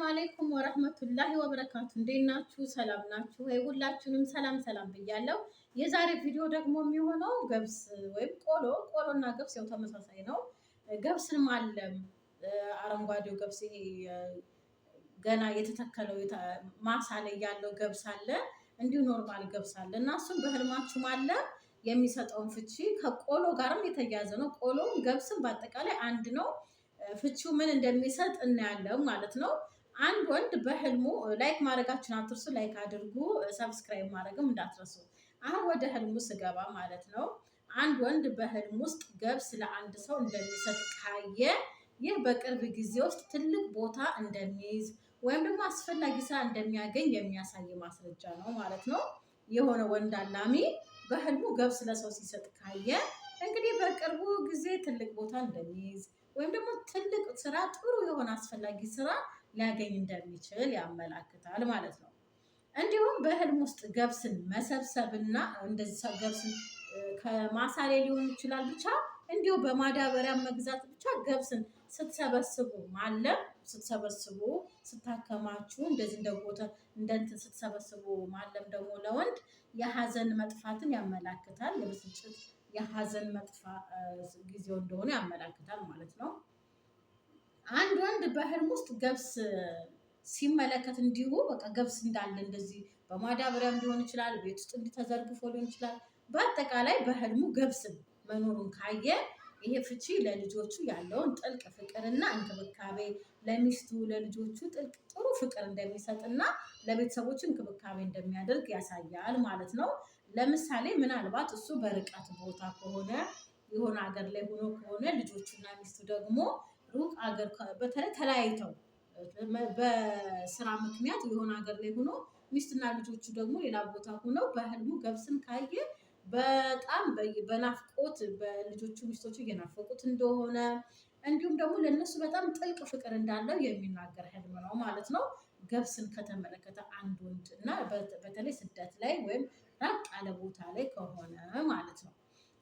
ሰላም አለይኩም ወረህመቱላሂ ወበረካቱ። እንዴት ናችሁ? ሰላም ናችሁ ወይ? ሁላችሁንም ሰላም ሰላም ብያለሁ። የዛሬ ቪዲዮ ደግሞ የሚሆነው ገብስ ወይም ቆሎ፣ ቆሎና ገብስ ያው ተመሳሳይ ነው። ገብስን ማለም አረንጓዴው ገብስ ይሄ ገና የተተከለው ማሳ ላይ ያለው ገብስ አለ፣ እንዲሁ ኖርማል ገብስ አለ እና እሱም በህልማችሁ ማለም የሚሰጠውን ፍቺ ከቆሎ ጋርም የተያያዘ ነው። ቆሎም ገብስም በአጠቃላይ አንድ ነው። ፍቺው ምን እንደሚሰጥ እናያለን ማለት ነው። አንድ ወንድ በህልሙ ላይክ ማድረጋችሁን አትርሱ። ላይክ አድርጉ፣ ሰብስክራይብ ማድረግም እንዳትረሱ። አሁን ወደ ህልሙ ስገባ ማለት ነው። አንድ ወንድ በህልም ውስጥ ገብስ ለአንድ ሰው እንደሚሰጥ ካየ ይህ በቅርብ ጊዜ ውስጥ ትልቅ ቦታ እንደሚይዝ ወይም ደግሞ አስፈላጊ ስራ እንደሚያገኝ የሚያሳይ ማስረጃ ነው ማለት ነው። የሆነ ወንድ አላሚ በህልሙ ገብስ ለሰው ሲሰጥ ካየ እንግዲህ በቅርቡ ጊዜ ትልቅ ቦታ እንደሚይዝ ወይም ደግሞ ትልቅ ስራ፣ ጥሩ የሆነ አስፈላጊ ስራ ሊያገኝ እንደሚችል ያመላክታል ማለት ነው። እንዲሁም በህልም ውስጥ ገብስን መሰብሰብና እንደዚህ ገብስን ከማሳሌ ሊሆን ይችላል ብቻ እንዲሁ በማዳበሪያ መግዛት ብቻ ገብስን ስትሰበስቡ ማለም ስትሰበስቡ ስታከማችሁ እንደዚህ እንደ ቦታ እንደንትን ስትሰበስቡ ማለም ደግሞ ለወንድ የሀዘን መጥፋትን ያመላክታል። የብስጭት የሀዘን መጥፋ ጊዜው እንደሆነ ያመላክታል ማለት ነው። አንድ ወንድ በህልም ውስጥ ገብስ ሲመለከት እንዲሁ በቃ ገብስ እንዳለ እንደዚህ በማዳበሪያም ሊሆን ይችላል፣ ቤት ውስጥ እንዲተዘርግፎ ሊሆን ይችላል። በአጠቃላይ በህልሙ ገብስ መኖሩን ካየ ይሄ ፍቺ ለልጆቹ ያለውን ጥልቅ ፍቅርና እንክብካቤ ለሚስቱ ለልጆቹ ጥልቅ ጥሩ ፍቅር እንደሚሰጥና ለቤተሰቦች እንክብካቤ እንደሚያደርግ ያሳያል ማለት ነው። ለምሳሌ ምናልባት እሱ በርቀት ቦታ ከሆነ የሆነ ሀገር ላይ ሆኖ ከሆነ ልጆቹና ሚስቱ ደግሞ ሩቅ አገር በተለይ ተለያይተው በስራ ምክንያት የሆነ ሀገር ላይ ሆኖ ሚስትና ልጆቹ ደግሞ ሌላ ቦታ ሆነው በህልሙ ገብስን ካየ በጣም በናፍቆት በልጆቹ ሚስቶቹ እየናፈቁት እንደሆነ እንዲሁም ደግሞ ለእነሱ በጣም ጥልቅ ፍቅር እንዳለው የሚናገር ህልም ነው ማለት ነው። ገብስን ከተመለከተ አንድ ወንድ እና በተለይ ስደት ላይ ወይም ራቅ ያለ ቦታ ላይ ከሆነ ማለት ነው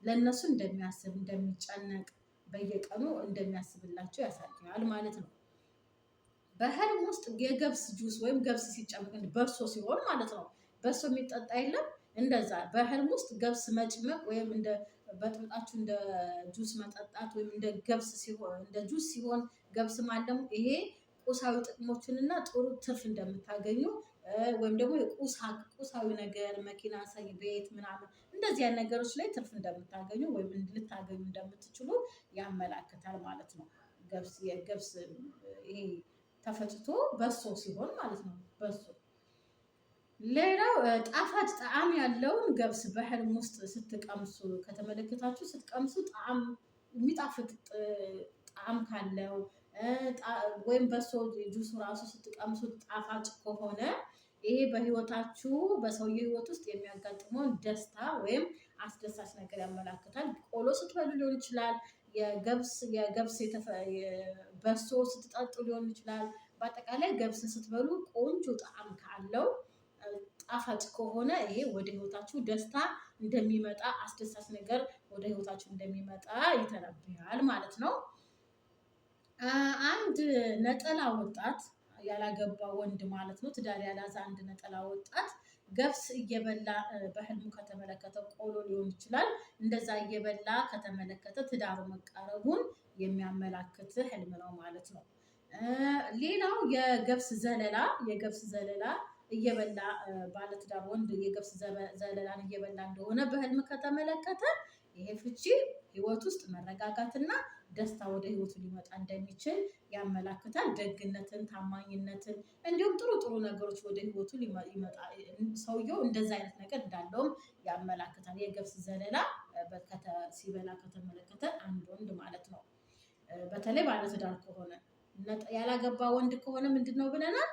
ለእነሱ እንደሚያስብ እንደሚጨነቅ በየቀኑ እንደሚያስብላቸው ያሳያል ማለት ነው። በህልም ውስጥ የገብስ ጁስ ወይም ገብስ ሲጨመቅ በሶ ሲሆን ማለት ነው። በሶ የሚጠጣ የለም እንደዛ። በህልም ውስጥ ገብስ መጭመቅ ወይም እንደ በጥምጣችሁ እንደ ጁስ መጠጣት ወይም እንደ ገብስ ሲሆን እንደ ጁስ ሲሆን ገብስ ማለሙ ይሄ ቁሳዊ ጥቅሞችንና ጥሩ ትርፍ እንደምታገኙ ወይም ደግሞ ቁሳዊ ነገር መኪና፣ ሰይ ቤት ምናምን እንደዚህ አይነት ነገሮች ላይ ትርፍ እንደምታገኙ ወይም ልታገኙ እንደምትችሉ ያመላክታል ማለት ነው። ገብስ የገብስ ይሄ ተፈጭቶ በሶ ሲሆን ማለት ነው። በሶ ሌላው ጣፋጭ ጣዕም ያለውን ገብስ በህልም ውስጥ ስትቀምሱ ከተመለከታችሁ ስትቀምሱ ጣዕም የሚጣፍጥ ጣዕም ካለው ወይም በሶ ጁስ ራሱ ስትቀምሱ ጣፋጭ ከሆነ ይሄ በህይወታችሁ በሰውየው ህይወት ውስጥ የሚያጋጥመውን ደስታ ወይም አስደሳች ነገር ያመላክታል። ቆሎ ስትበሉ ሊሆን ይችላል። የገብስ የገብስ በሶ ስትጠጡ ሊሆን ይችላል። በአጠቃላይ ገብስ ስትበሉ ቆንጆ ጣዕም ካለው ጣፋጭ ከሆነ ይሄ ወደ ህይወታችሁ ደስታ እንደሚመጣ አስደሳች ነገር ወደ ህይወታችሁ እንደሚመጣ ይተነብያል ማለት ነው። አንድ ነጠላ ወጣት ያላገባ ወንድ ማለት ነው ትዳር ያላዘ አንድ ነጠላ ወጣት ገብስ እየበላ በህልሙ ከተመለከተ ቆሎ ሊሆን ይችላል። እንደዛ እየበላ ከተመለከተ ትዳሩ መቃረቡን የሚያመላክት ህልም ነው ማለት ነው። ሌላው የገብስ ዘለላ የገብስ ዘለላ እየበላ ባለትዳር ወንድ የገብስ ዘለላን እየበላ እንደሆነ በህልም ከተመለከተ ይሄ ፍቺ ህይወት ውስጥ መረጋጋትና ደስታ ወደ ህይወቱ ሊመጣ እንደሚችል ያመላክታል። ደግነትን፣ ታማኝነትን እንዲሁም ጥሩ ጥሩ ነገሮች ወደ ህይወቱ ሊመጣ ሰውየው እንደዛ አይነት ነገር እንዳለውም ያመላክታል። የገብስ ዘለላ ሲበላ ከተመለከተ አንድ ወንድ ማለት ነው። በተለይ ባለትዳር ከሆነ ያላገባ ወንድ ከሆነ ምንድን ነው ብለናል?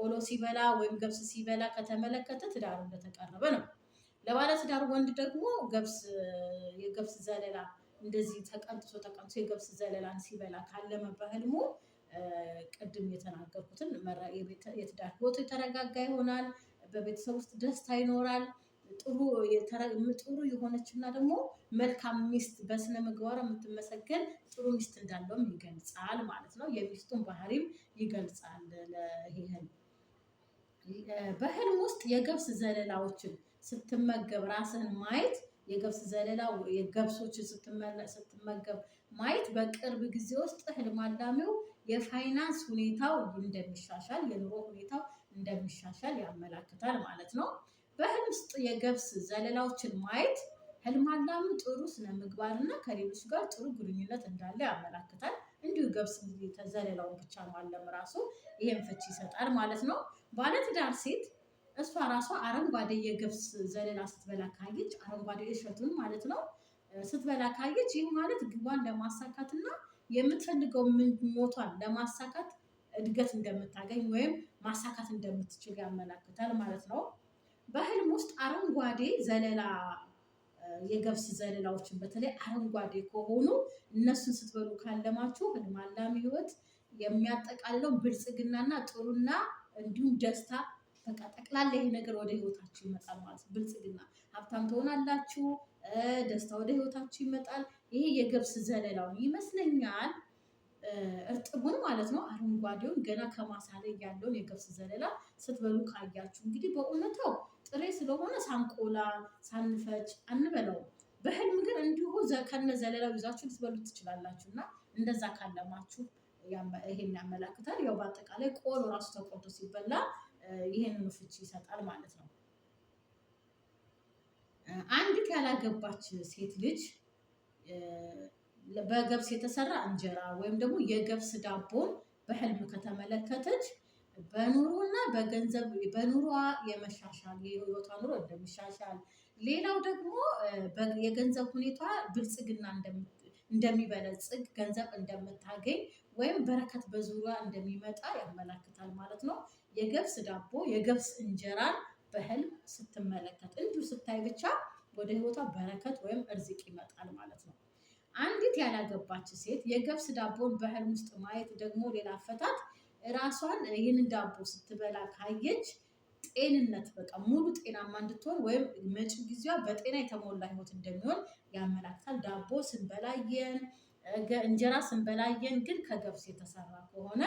ቆሎ ሲበላ ወይም ገብስ ሲበላ ከተመለከተ ትዳሩ እንደተቀረበ ነው። ለባለትዳር ወንድ ደግሞ ገብስ የገብስ ዘለላ እንደዚህ ተቀንጥሶ ተቀንጥሶ የገብስ ዘለላን ሲበላ ካለመ ቅድም የተናገርኩትን የትዳር ህይወቱ የተረጋጋ ይሆናል። በቤተሰብ ውስጥ ደስታ ይኖራል። ጥሩ የሆነች እና ደግሞ መልካም ሚስት በስነ ምግባር የምትመሰገን ጥሩ ሚስት እንዳለውም ይገልጻል ማለት ነው። የሚስቱን ባህሪም ይገልጻል። ይህን በህልም ውስጥ የገብስ ዘለላዎችን ስትመገብ ራስህን ማየት የገብስ ዘለላ የገብሶች ስትመገብ ማየት በቅርብ ጊዜ ውስጥ ህልም አላሚው የፋይናንስ ሁኔታው እንደሚሻሻል፣ የኑሮ ሁኔታው እንደሚሻሻል ያመላክታል ማለት ነው። በህልም ውስጥ የገብስ ዘለላዎችን ማየት ህልም አላሚው ጥሩ ስነ እና ከሌሎች ጋር ጥሩ ግንኙነት እንዳለ ያመላክታል። እንዲሁ ገብስ ዘለላውን ብቻ ማለም ራሱ ይህም ፍቺ ይሰጣል ማለት ነው። ባለትዳር ሴት እሷ ራሷ አረንጓዴ የገብስ ዘለላ ስትበላ ካየች አረንጓዴ እሸቱን ማለት ነው ስትበላ ካየች፣ ይህ ማለት ግቧን ለማሳካት እና የምትፈልገው ሞቷን ለማሳካት እድገት እንደምታገኝ ወይም ማሳካት እንደምትችል ያመላክታል ማለት ነው። በህልም ውስጥ አረንጓዴ ዘለላ የገብስ ዘለላዎችን በተለይ አረንጓዴ ከሆኑ እነሱን ስትበሉ ካለማችሁ ህልም አላሚ ህይወት የሚያጠቃልለው ብልጽግናና ጥሩና እንዲሁም ደስታ በቃ ጠቅላላ ይሄ ነገር ወደ ህይወታችሁ ይመጣል ማለት ነው። ብልጽግና ሀብታም ትሆናላችሁ። ደስታ ወደ ህይወታችሁ ይመጣል። ይሄ የገብስ ዘለላው ይመስለኛል፣ እርጥቡን ማለት ነው። አረንጓዴውን ገና ከማሳ ላይ ያለውን የገብስ ዘለላ ስትበሉ ካያችሁ እንግዲህ በእውነታው ጥሬ ስለሆነ ሳንቆላ ሳንፈጭ አንበላውም። በህልም ግን እንዲሁ ከነ ዘለላው ይዛችሁ ልትበሉ ትችላላችሁ እና እንደዛ ካለማችሁ ይሄን ያመላክታል። ያው በአጠቃላይ ቆሎ ራሱ ተቆርጦ ሲበላ ይህንን ፍቺ ይሰጣል ማለት ነው። አንዲት ያላገባች ሴት ልጅ በገብስ የተሰራ እንጀራ ወይም ደግሞ የገብስ ዳቦን በህልም ከተመለከተች በኑሮና በገንዘብ በኑሯ የመሻሻል የህይወቷ ኑሮ እንደሚሻሻል፣ ሌላው ደግሞ የገንዘብ ሁኔታ ብልጽግና እንደሚበለጽግ፣ ገንዘብ እንደምታገኝ ወይም በረከት በዙሪያ እንደሚመጣ ያመላክታል ማለት ነው። የገብስ ዳቦ የገብስ እንጀራን በህልም ስትመለከት እንዲሁ ስታይ ብቻ ወደ ህይወቷ በረከት ወይም እርዝቅ ይመጣል ማለት ነው። አንዲት ያላገባች ሴት የገብስ ዳቦን በህልም ውስጥ ማየት ደግሞ ሌላ አፈታት ራሷን ይህንን ዳቦ ስትበላ ካየች ጤንነት በቃ ሙሉ ጤናማ እንድትሆን ወይም መጪው ጊዜዋ በጤና የተሞላ ህይወት እንደሚሆን ያመላክታል። ዳቦ ስንበላየን እንጀራ ስንበላየን ግን ከገብስ የተሰራ ከሆነ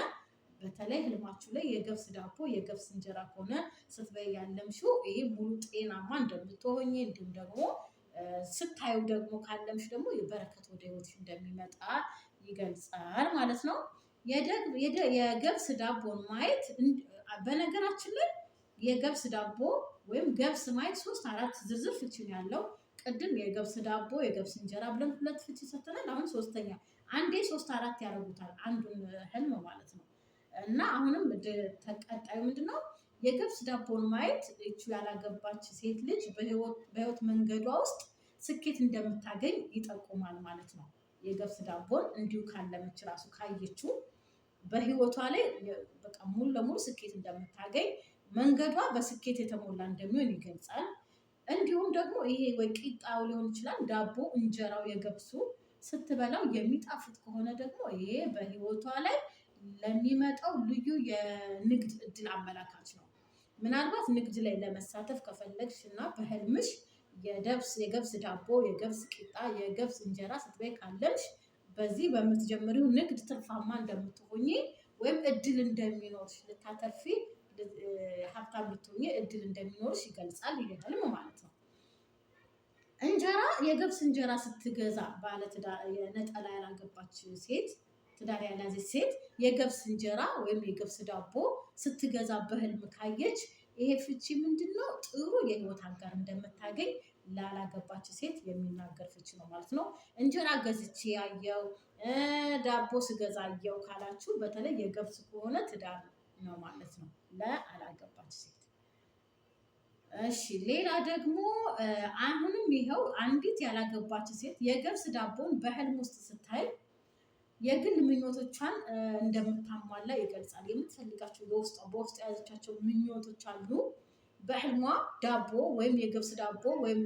በተለይ ህልማችሁ ላይ የገብስ ዳቦ የገብስ እንጀራ ከሆነ ስትበይ ያለምሽው ይህ ሙሉ ጤናማ እንደምትሆኝ እንዲሁም ደግሞ ስታዩ ደግሞ ካለምሽ ደግሞ በረከት ወደ ህይወትሽ እንደሚመጣ ይገልጻል ማለት ነው። የገብስ ዳቦን ማየት በነገራችን ላይ የገብስ ዳቦ ወይም ገብስ ማየት ሶስት አራት ዝርዝር ፍቺ ነው ያለው። ቅድም የገብስ ዳቦ የገብስ እንጀራ ብለን ሁለት ፍቺ ሰጥተናል። አሁን ሶስተኛ አንዴ ሶስት አራት ያደርጉታል አንዱን ህልም ማለት ነው። እና አሁንም ተቀጣዩ ምንድነው የገብስ ዳቦን ማየት እቹ ያላገባች ሴት ልጅ በህይወት መንገዷ ውስጥ ስኬት እንደምታገኝ ይጠቁማል ማለት ነው። የገብስ ዳቦን እንዲሁ ካለመች ራሱ ካየችው በህይወቷ ላይ በቃ ሙሉ ለሙሉ ስኬት እንደምታገኝ መንገዷ በስኬት የተሞላ እንደሚሆን ይገልጻል። እንዲሁም ደግሞ ይሄ ወይ ቂጣው ሊሆን ይችላል ዳቦ እንጀራው የገብሱ ስትበላው የሚጣፍጥ ከሆነ ደግሞ ይሄ በህይወቷ ላይ ለሚመጣው ልዩ የንግድ እድል አመላካች ነው። ምናልባት ንግድ ላይ ለመሳተፍ ከፈለግሽ እና በህልምሽ የገብስ የገብስ ዳቦ፣ የገብስ ቂጣ፣ የገብስ እንጀራ ስትበይ ካለሽ በዚህ በምትጀምሪው ንግድ ትርፋማ እንደምትሆኚ ወይም እድል እንደሚኖርሽ ልታተርፊ ሀብታም ልትሆኚ እድል እንደሚኖርሽ ይገልጻል። ይህ ማለት ነው። እንጀራ የገብስ እንጀራ ስትገዛ ባለትዳር የነጠላ ያላገባች ሴት ትዳር ያላዘች ሴት የገብስ እንጀራ ወይም የገብስ ዳቦ ስትገዛ በህልም ካየች ይሄ ፍቺ ምንድን ነው? ጥሩ የህይወት አጋር እንደምታገኝ ላላገባች ሴት የሚናገር ፍቺ ነው ማለት ነው። እንጀራ ገዝቼ ያየው ዳቦ ስገዛ ያየው ካላችሁ በተለይ የገብስ ከሆነ ትዳር ነው ማለት ነው ለአላገባች ሴት። እሺ ሌላ ደግሞ አሁንም ይኸው አንዲት ያላገባች ሴት የገብስ ዳቦን በህልም ውስጥ ስታይ የግል ምኞቶቿን እንደምታሟላ ይገልጻል። የምትፈልጋቸው በውስጧ በውስጡ የያዘቻቸው ምኞቶች አሉ። በህልሟ ዳቦ ወይም የገብስ ዳቦ ወይም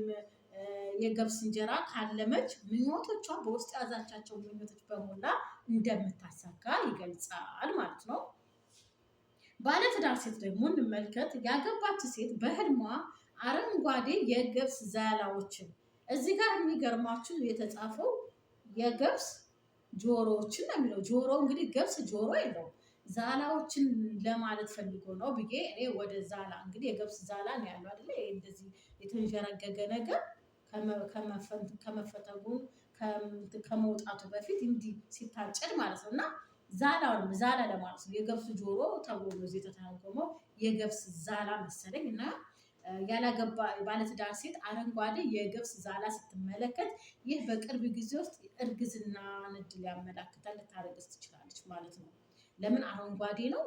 የገብስ እንጀራ ካለመች ምኞቶቿ በውስጥ የያዛቻቸው ምኞቶች በሞላ እንደምታሳካ ይገልጻል ማለት ነው። ባለትዳር ሴት ደግሞ እንመልከት። ያገባች ሴት በህልሟ አረንጓዴ የገብስ ዘላዎችን እዚህ ጋር የሚገርማችሁ የተጻፈው የገብስ ጆሮዎችን ነው የሚለው። ጆሮ እንግዲህ ገብስ ጆሮ የለው ዛላዎችን ለማለት ፈልጎ ነው ብዬ እኔ ወደ ዛላ እንግዲህ የገብስ ዛላ ነው ያለው አይደለ? እንደዚህ የተንዠረገገ ነገር ከመፈተጉ ከመውጣቱ በፊት እንዲህ ሲታጨድ ማለት ነው እና ዛላውን ዛላ ለማለት ነው። የገብስ ጆሮ ተብሎ ነው እዚህ የተተረጎመው የገብስ ዛላ መሰለኝ እና ያላገባ ባለትዳር ሴት አረንጓዴ የገብስ ዛላ ስትመለከት ይህ በቅርብ ጊዜ ውስጥ እርግዝና ንድ ሊያመላክተ ልታረግዝ ትችላለች ማለት ነው። ለምን አረንጓዴ ነው?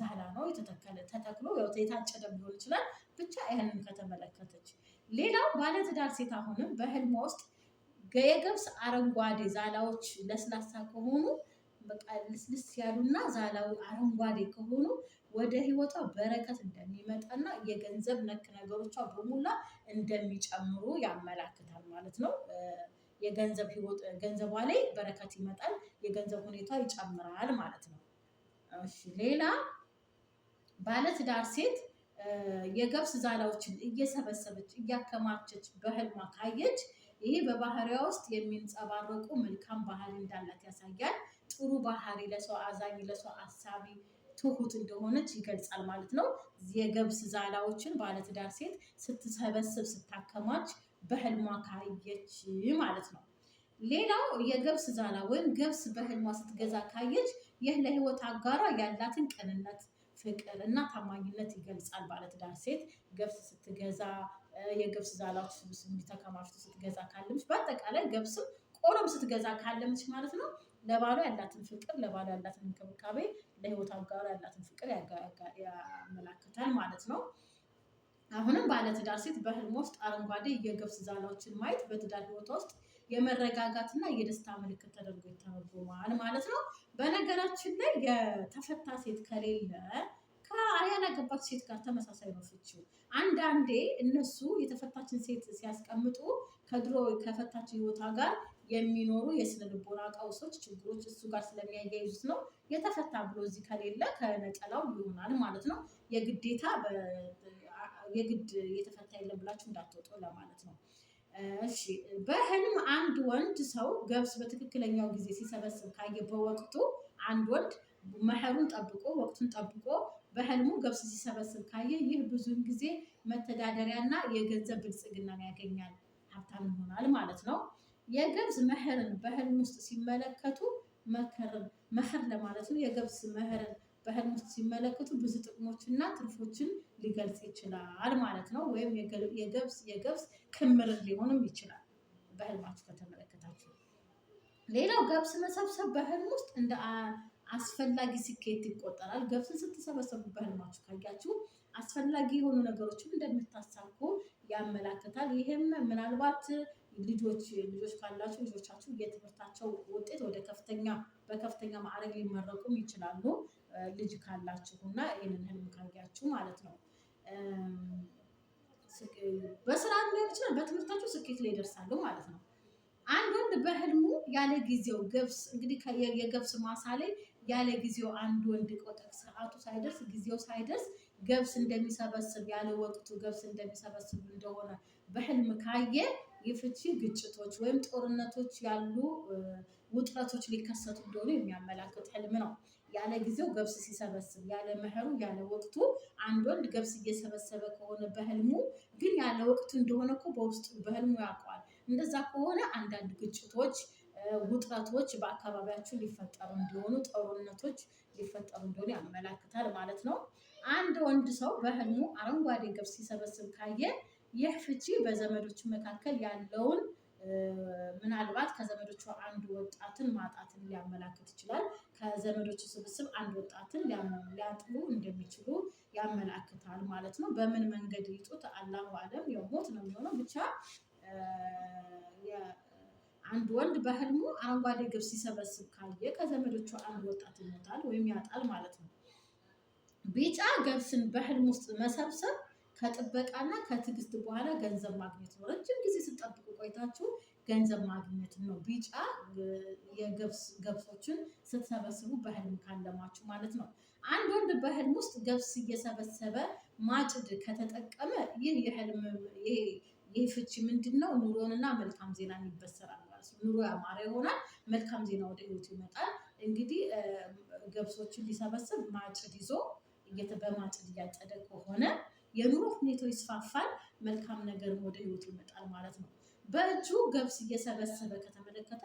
ዛላ ነው የተተከለ ተተክሎ የታጨደ ሊሆን ይችላል። ብቻ ይህንን ከተመለከተች ሌላው ባለትዳር ሴት አሁንም በህልሟ ውስጥ የገብስ አረንጓዴ ዛላዎች ለስላሳ ከሆኑ በቃ ልስልስ ያሉና ዛላው አረንጓዴ ከሆኑ ወደ ህይወቷ በረከት እንደሚመጣና የገንዘብ ነክ ነገሮቿ በሙላ እንደሚጨምሩ ያመላክታል ማለት ነው። የገንዘብ ህይወት ገንዘቧ ላይ በረከት ይመጣል የገንዘብ ሁኔታ ይጨምራል ማለት ነው። እሺ ሌላ ባለትዳር ሴት የገብስ ዛላዎችን እየሰበሰበች እያከማቸች በህልሟ ካየች ይሄ በባህሪዋ ውስጥ የሚንጸባረቁ መልካም ባህሪ እንዳላት ያሳያል። ጥሩ ባህሪ፣ ለሰው አዛኝ፣ ለሰው አሳቢ ትሁት እንደሆነች ይገልጻል ማለት ነው። የገብስ ዛላዎችን ባለትዳር ሴት ስትሰበስብ ስታከማች በህልሟ ካየች ማለት ነው። ሌላው የገብስ ዛላ ወይም ገብስ በህልሟ ስትገዛ ካየች ይህ ለህይወት አጋሯ ያላትን ቅንነት፣ ፍቅር እና ታማኝነት ይገልጻል። ባለትዳር ሴት ገብስ ስትገዛ የገብስ ዛላዎች ተከማችቶ ስትገዛ ካለምች፣ በአጠቃላይ ገብስም ቆሎም ስትገዛ ካለምች ማለት ነው ለባሏ ያላትን ፍቅር፣ ለባሏ ያላትን እንክብካቤ፣ ለህይወት አጋሯ ያላትን ፍቅር ያመላክታል ማለት ነው። አሁንም ባለትዳር ሴት በህልም ውስጥ አረንጓዴ የገብስ ዛላዎችን ማየት በትዳር ህይወቷ ውስጥ የመረጋጋትና የደስታ ምልክት ተደርጎ ይተረጎማል ማለት ነው። በነገራችን ላይ የተፈታ ሴት ከሌለ ያላገባች ሴት ጋር ተመሳሳይ ነው ፍቺው። አንዳንዴ እነሱ የተፈታችን ሴት ሲያስቀምጡ ከድሮ ከፈታችን ህይወቷ ጋር የሚኖሩ የስነ ልቦና ቀውሶች፣ ችግሮች እሱ ጋር ስለሚያያይዙት ነው። የተፈታ ብሎ እዚህ ከሌለ ከነጠላው ይሆናል ማለት ነው። የግዴታ የግድ የተፈታ የለም ብላችሁ እንዳትወጡ ለማለት ነው። እሺ በህልም አንድ ወንድ ሰው ገብስ በትክክለኛው ጊዜ ሲሰበስብ ካየ በወቅቱ አንድ ወንድ መኸሩን ጠብቆ ወቅቱን ጠብቆ በህልሙ ገብስ ሲሰበስብ ካየ ይህ ብዙውን ጊዜ መተዳደሪያ ና የገንዘብ ብልጽግናን ያገኛል፣ ሀብታም ይሆናል ማለት ነው። የገብስ መኸርን በህልም ውስጥ ሲመለከቱ መከርን መኸር ለማለት ነው። የገብስ መኸርን በህልም ውስጥ ሲመለከቱ ብዙ ጥቅሞችና ትርፎችን ሊገልጽ ይችላል ማለት ነው። ወይም የገብስ የገብስ ክምርን ሊሆንም ይችላል በህልማችሁ ከተመለከታችሁ። ሌላው ገብስ መሰብሰብ በህልም ውስጥ እንደ አስፈላጊ ስኬት ይቆጠራል። ገብስን ስትሰበሰቡ በህልማችሁ ካያችሁ አስፈላጊ የሆኑ ነገሮችን እንደምታሳኩ ያመላክታል። ይህም ምናልባት ልጆች ልጆች ካላቸው ልጆቻችሁ የትምህርታቸው ውጤት ወደ ከፍተኛ በከፍተኛ ማዕረግ ሊመረቁም ይችላሉ። ልጅ ካላችሁ እና ይህንን ህልም ካያችሁ ማለት ነው። በስራ ሊሆን ይችላል፣ በትምህርታችሁ ስኬት ላይ ይደርሳሉ ማለት ነው። አንድ ወንድ በህልሙ ያለ ጊዜው ገብስ እንግዲህ የገብስ ማሳ ላይ ያለ ጊዜው አንድ ወንድ ቆጠቅ ሰዓቱ ሳይደርስ ጊዜው ሳይደርስ ገብስ እንደሚሰበስብ ያለ ወቅቱ ገብስ እንደሚሰበስብ እንደሆነ በህልም ካየ የፍቺ ግጭቶች ወይም ጦርነቶች ያሉ ውጥረቶች ሊከሰቱ እንደሆኑ የሚያመላክት ህልም ነው። ያለ ጊዜው ገብስ ሲሰበስብ ያለ መኸሩ ያለ ወቅቱ አንድ ወንድ ገብስ እየሰበሰበ ከሆነ በህልሙ ግን ያለ ወቅቱ እንደሆነ እኮ በውስጡ በህልሙ ያውቀዋል። እንደዛ ከሆነ አንዳንድ ግጭቶች፣ ውጥረቶች በአካባቢያችሁ ሊፈጠሩ እንደሆኑ ጦርነቶች ሊፈጠሩ እንደሆኑ ያመላክታል ማለት ነው። አንድ ወንድ ሰው በህልሙ አረንጓዴ ገብስ ሲሰበስብ ካየ ይህ ፍቺ በዘመዶች መካከል ያለውን ምናልባት ከዘመዶቹ አንድ ወጣትን ማጣትን ሊያመላክት ይችላል። ከዘመዶቹ ስብስብ አንድ ወጣትን ሊያጥሉ እንደሚችሉ ያመላክታል ማለት ነው። በምን መንገድ ይጡት አላሁ አለም፣ የሞት ነው የሚሆነው ብቻ። አንድ ወንድ በህልሙ አረንጓዴ ገብስ ሲሰበስብ ካየ ከዘመዶቹ አንድ ወጣት ይሞታል ወይም ያጣል ማለት ነው። ቢጫ ገብስን በህልም ውስጥ መሰብሰብ ከጥበቃና ከትዕግስት በኋላ ገንዘብ ማግኘት ነው። ረጅም ጊዜ ስጠብቁ ቆይታችሁ ገንዘብ ማግኘት ነው። ቢጫ ገብሶችን ስትሰበስቡ በህልም ካለማችሁ ማለት ነው። አንድ ወንድ በህልም ውስጥ ገብስ እየሰበሰበ ማጭድ ከተጠቀመ ይህ የህልም ይህ ፍቺ ምንድን ነው? ኑሮንና መልካም ዜናን ይበሰራል ማለት ነው። ኑሮ ያማረ ይሆናል። መልካም ዜና ወደ ህይወቱ ይመጣል። እንግዲህ ገብሶችን ሊሰበስብ ማጭድ ይዞ በማጭድ እያጨደ ከሆነ የኑሮ ሁኔታው ይስፋፋል፣ መልካም ነገር ወደ ህይወቱ ይመጣል ማለት ነው። በእጁ ገብስ እየሰበሰበ ከተመለከተ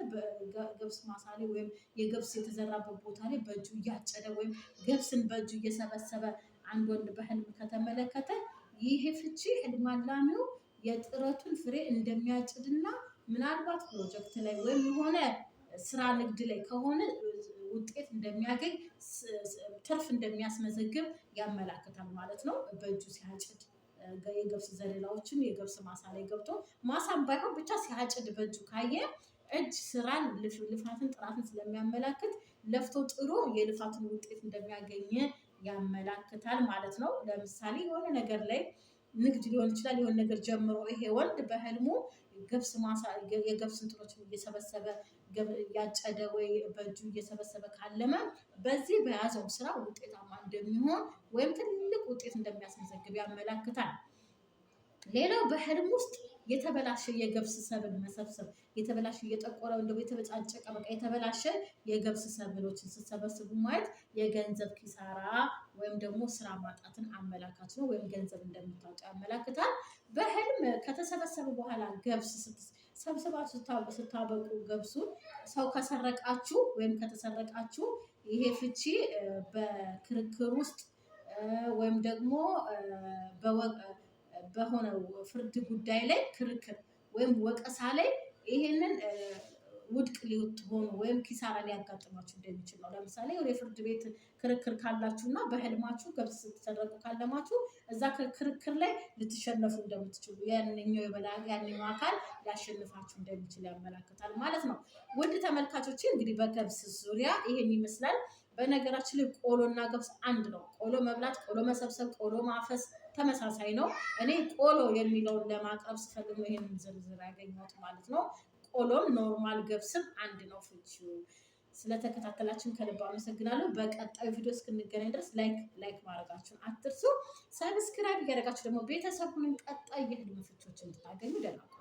ገብስ ማሳ ላይ ወይም የገብስ የተዘራበት ቦታ ላይ በእጁ እያጨደ ወይም ገብስን በእጁ እየሰበሰበ አንድ ወንድ በህልም ከተመለከተ ይሄ ፍቺ ህልም አላሚው የጥረቱን ፍሬ እንደሚያጭድና ምናልባት ፕሮጀክት ላይ ወይም የሆነ ስራ ንግድ ላይ ከሆነ ውጤት እንደሚያገኝ ትርፍ እንደሚያስመዘግብ ያመላክታል ማለት ነው። በእጁ ሲያጭድ የገብስ ዘለላዎችን የገብስ ማሳ ላይ ገብቶ ማሳም ባይሆን ብቻ ሲያጭድ በእጁ ካየ እጅ ስራን፣ ልፋትን፣ ጥራትን ስለሚያመላክት ለፍቶ ጥሩ የልፋቱን ውጤት እንደሚያገኝ ያመላክታል ማለት ነው። ለምሳሌ የሆነ ነገር ላይ ንግድ ሊሆን ይችላል። የሆነ ነገር ጀምሮ ይሄ ወንድ በህልሙ ገብስ ማሳ የገብስ እንትኖችን እየሰበሰበ ያጨደ ወይ በእጁ እየሰበሰበ ካለመ በዚህ በያዘው ስራ ውጤታማ እንደሚሆን ወይም ትልቅ ውጤት እንደሚያስመዘግብ ያመላክታል። ሌላው በህልም ውስጥ የተበላሸ የገብስ ሰብል መሰብሰብ የተበላሸ እየጠቆረ ደግሞ የተበጫጨቀ በቃ የተበላሸ የገብስ ሰብሎችን ስትሰበስቡ ማየት የገንዘብ ኪሳራ ወይም ደግሞ ስራ ማጣትን አመላካች ነው፣ ወይም ገንዘብ እንደምታወጡ ያመላክታል። በህልም ከተሰበሰበ በኋላ ገብስ ሰብስባችሁ ስታበቁ ገብሱን ሰው ከሰረቃችሁ ወይም ከተሰረቃችሁ ይሄ ፍቺ በክርክር ውስጥ ወይም ደግሞ በሆነ ፍርድ ጉዳይ ላይ ክርክር ወይም ወቀሳ ላይ ይሄንን ውድቅ ሊሆኑ ወይም ኪሳራ ሊያጋጥማችሁ እንደሚችል ነው። ለምሳሌ ወደ ፍርድ ቤት ክርክር ካላችሁ እና በህልማችሁ ገብስ ስትሰረቁ ካለማችሁ እዛ ክርክር ላይ ልትሸነፉ እንደምትችሉ ያንኛው ያንኛው አካል ሊያሸንፋችሁ እንደሚችል ያመላክታል ማለት ነው። ውድ ተመልካቾች እንግዲህ በገብስ ዙሪያ ይሄን ይመስላል። በነገራችን ላይ ቆሎና ገብስ አንድ ነው። ቆሎ መብላት፣ ቆሎ መሰብሰብ፣ ቆሎ ማፈስ ተመሳሳይ ነው። እኔ ቆሎ የሚለውን ለማቅረብ ስፈልግ ነው ይህንን ዝርዝር ያገኘሁት ማለት ነው። ቆሎም ኖርማል ገብስም አንድ ነው ፍቺ። ስለተከታተላችሁን ከልብ አመሰግናለሁ። በቀጣዩ ቪዲዮ እስክንገናኝ ድረስ ላይክ ላይክ ማድረጋችሁን አትርሱ። ሰብስክራይብ እያደረጋችሁ ደግሞ ቤተሰቡን ቀጣይ የህልም ፍቾች እንድታገኙ ደናል